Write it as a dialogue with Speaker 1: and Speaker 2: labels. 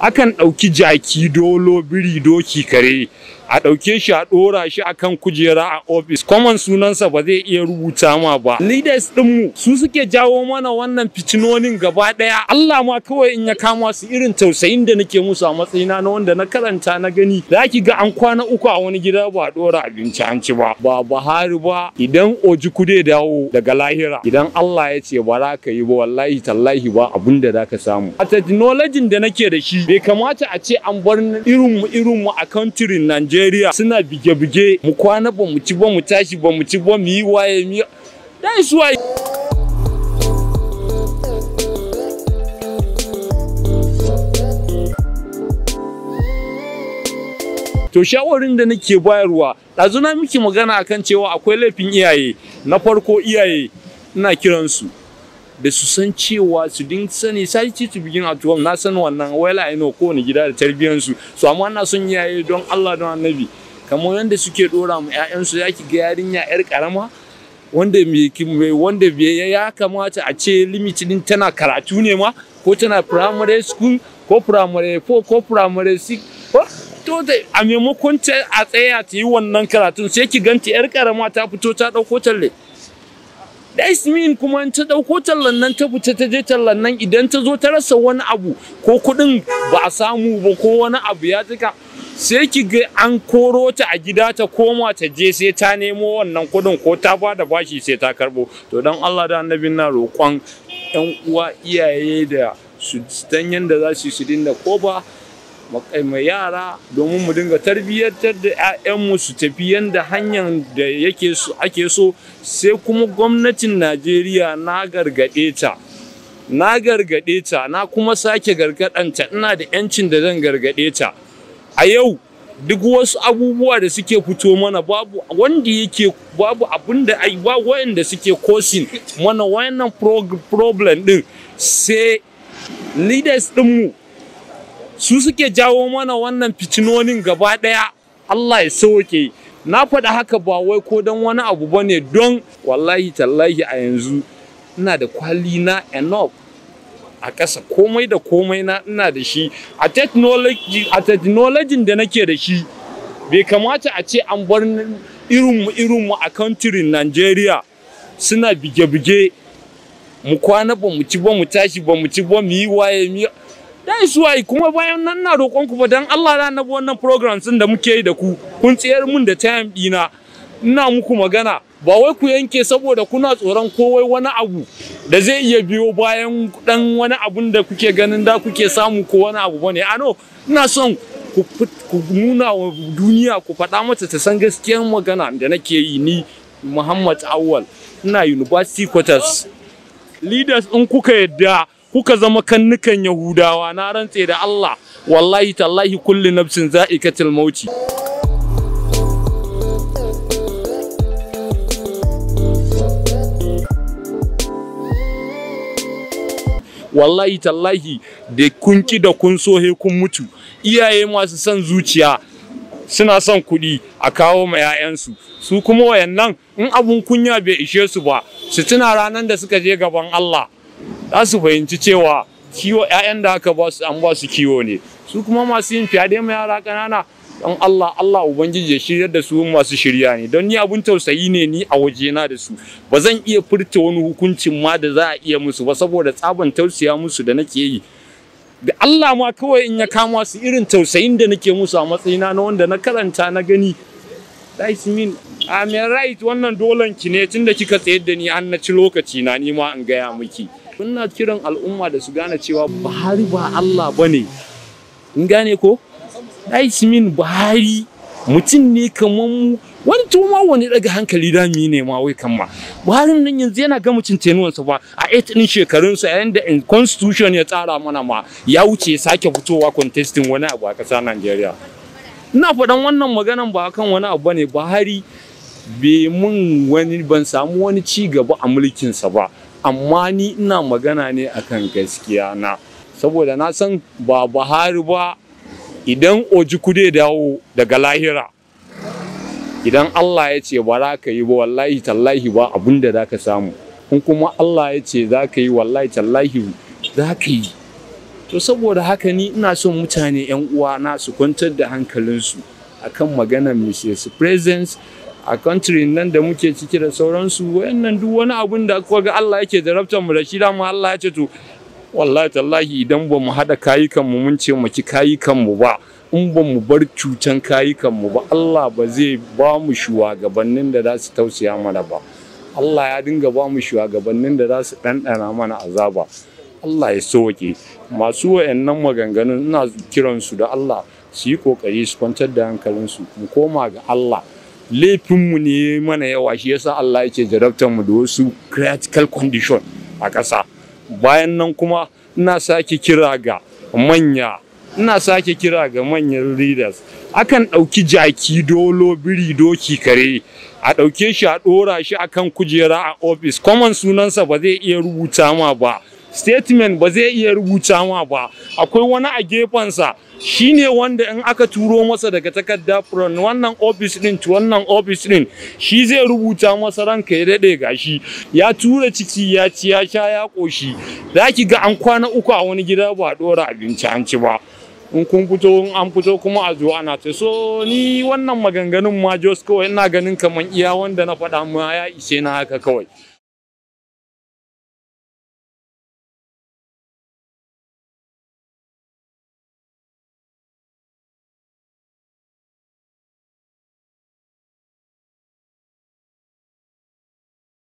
Speaker 1: akan ɗauki jaki dolo biri doki kare a ɗauke shi a ɗora shi akan kujera a ofis kwaman sunansa ba zai iya rubuta ma ba leaders ɗinmu su suke jawo mana wannan fitinonin gaba ɗaya Allah ma kawai in ya kama su irin tausayin da nake musu a matsayina na wanda na karanta na gani zaki ki ga an kwana uku a wani gida ba a ɗora abinci an ci ba ba bahari ba idan oji kude dawo daga lahira idan Allah ya ce ba za ka yi ba wallahi tallahi ba abin da za ka samu a technology da nake da shi bai kamata a ce an bar irin mu irin mu a country Nigeria Najeriya suna bige-bige mu kwana ba mu ci ba mu tashi ba mu ci ba mu yi waye mu dai suwa To shawarin da nake bayarwa ɗazu na miki magana akan cewa akwai laifin iyaye na farko iyaye ina kiransu da su san cewa su din sani sarki to begin at home na san wannan wala ai no kowane gida da tarbiyyarsu so amma ana son yaye don Allah don Annabi kamar yadda suke dora mu ƴaƴan ya ki ga yarinya yar karama wanda me wanda ya kamata a ce limit din tana karatu ne ma ko tana primary school ko primary 4 ko primary 6 to da a maimakon ta a tsaya ta yi wannan karatun sai ki ganta yar karama ta fito ta dauko talle that kuma ta dauko tallan nan ta fita ta je tallan nan idan ta zo ta rasa wani abu ko kuɗin ba a samu ba ko wani abu ya tuka sai ki ga an koro ta a gida ta koma ta je sai ta nemo wannan kuɗin ko ta ba da bashi sai ta karbo to dan Allah da annabin na roƙon yan uwa iyaye da su dan yanda za su su dinda ko ba mai yara domin mu dinga tarbiyyantar da 'ya'yanmu su tafi yadda hanyar da yake ake so sai kuma gwamnatin najeriya na gargaɗe ta na gargaɗe ta na kuma sake gargaɗanta ina da 'yancin da zan gargaɗe ta a yau duk wasu abubuwa da suke fito mana babu wanda yake babu abin da ai ba wayanda suke kosin mana wayannan problem din sai leaders dinmu su suke jawo mana wannan ficinonin gaba ɗaya Allah ya sauke na faɗa haka ba wai ko don wani abu ba ne don wallahi tallahi a yanzu ina da kwali na enough a ƙasa komai da komai na ina da shi a technology da nake da shi bai kamata a ce an bar irinmu irinmu a kantirin Najeriya suna bige-bige mu kwana ba mu ci ba mu tashi ba mu ci ba mu yi waye mu dai suwa kuma bayan nan na roƙon ku fa dan Allah da annabi wannan programs din da muke yi da ku kun tsayar mun da time ɗina ina muku magana ba wai ku yanke saboda kuna tsoron kowai wani abu da zai iya biyo bayan dan wani abun da kuke ganin da kuke samu ko wani abu bane ano ina son ku nuna wa duniya ku faɗa mata ta san gaskiyar magana da nake yi ni Muhammad Awal ina University Quarters leaders in kuka yadda kuka zama kannukan Yahudawa na rantse da Allah wallahi tallahi kulli nafsin za'ikatul mauti wallahi tallahi da kun ki da kun so he kun mutu iyaye masu son zuciya suna son kuɗi a kawo ma 'ya'yansu su kuma wayannan in abun kunya bai ishe su ba su tuna ranar da suka je gaban Allah za su fahimci cewa kiwo 'ya'yan da aka basu an basu kiwo ne su kuma masu yin fyaɗe ma yara ƙanana don Allah Allah ubangiji ya shiryar da su masu shirya ne don ni abun tausayi ne ni a waje na da su ba zan iya furta wani hukuncin ma da za a iya musu ba saboda tsaban tausaya musu da nake yi da Allah ma kawai in ya kama su irin tausayin da nake musu a matsayina na wanda na karanta na gani that's I'm right wannan dolan ki ne tunda kika tsayar da ni an na ci lokaci na ni ma in gaya miki. Ina kiran al'umma da su gane cewa Buhari ba Allah bane. In gane ko? Aismin Buhari mutum ne kamar mu wani tuma wani daga hankali dami ne ma wai kama Buhari nan yanzu yana ga mutum tenuwansa ba a 8 din shekarunsa yayin da constitution ya tsara mana ma ya wuce sake fitowa contesting wani abu a ƙasar Najeriya ina faɗan wannan maganan ba kan wani abu ne buhari bai mun wani ban samu wani ci gaba a mulkinsa ba amma ni ina magana ne akan gaskiya na saboda na san ba buhari ba idan oji kude dawo daga lahira idan allah ya ce ba za ka yi ba wallahi tallahi ba abin da za ka samu kun kuma allah ya ce za ka yi wallahi tallahi za ka yi to saboda haka ni ina son mutane 'yan uwa na su kwantar da hankalinsu akan maganar mrs presence a country nan da muke ciki da sauransu wayannan duk wani abun da kuka ga Allah yake jarabtar mu da shi da mu Allah ya ce to wallahi tallahi idan ba mu haɗa kayukan mu mun ce mu ci kayukan mu ba in ba mu bar cutan kayukan mu ba Allah ba zai ba mu shugabannin da za su tausaya mana ba Allah ya dinga ba mu shugabannin da za su ɗanɗana mana azaba Allah ya soke masu wayannan maganganun ina kiransu da Allah su yi kokari su kwantar da hankalinsu mu koma ga Allah laifinmu ne mana yawa shi yasa Allah yake jarabtar mu da wasu critical condition a ƙasa bayan nan kuma ina sake kira ga manya ina sake kira ga manyan leaders akan ɗauki jaki dolo biri doki kare a ɗauke shi a ɗora shi akan kujera a ofis. common sunansa ba zai iya rubuta ma ba statement ba zai iya rubuta ma ba akwai wani a gefensa shine wanda in aka turo masa daga takarda from wannan office din to wannan office din shi zai rubuta masa ranka ya dade gashi ya tura ciki ya ci ya sha ya koshi zaki ga an kwana uku a wani gida ba dora abinci an ci ba in kun fito in an fito kuma a zo ana ce so ni wannan maganganun ma jos kawai ina ganin kaman iya wanda na faɗa ma ya ishe na haka kawai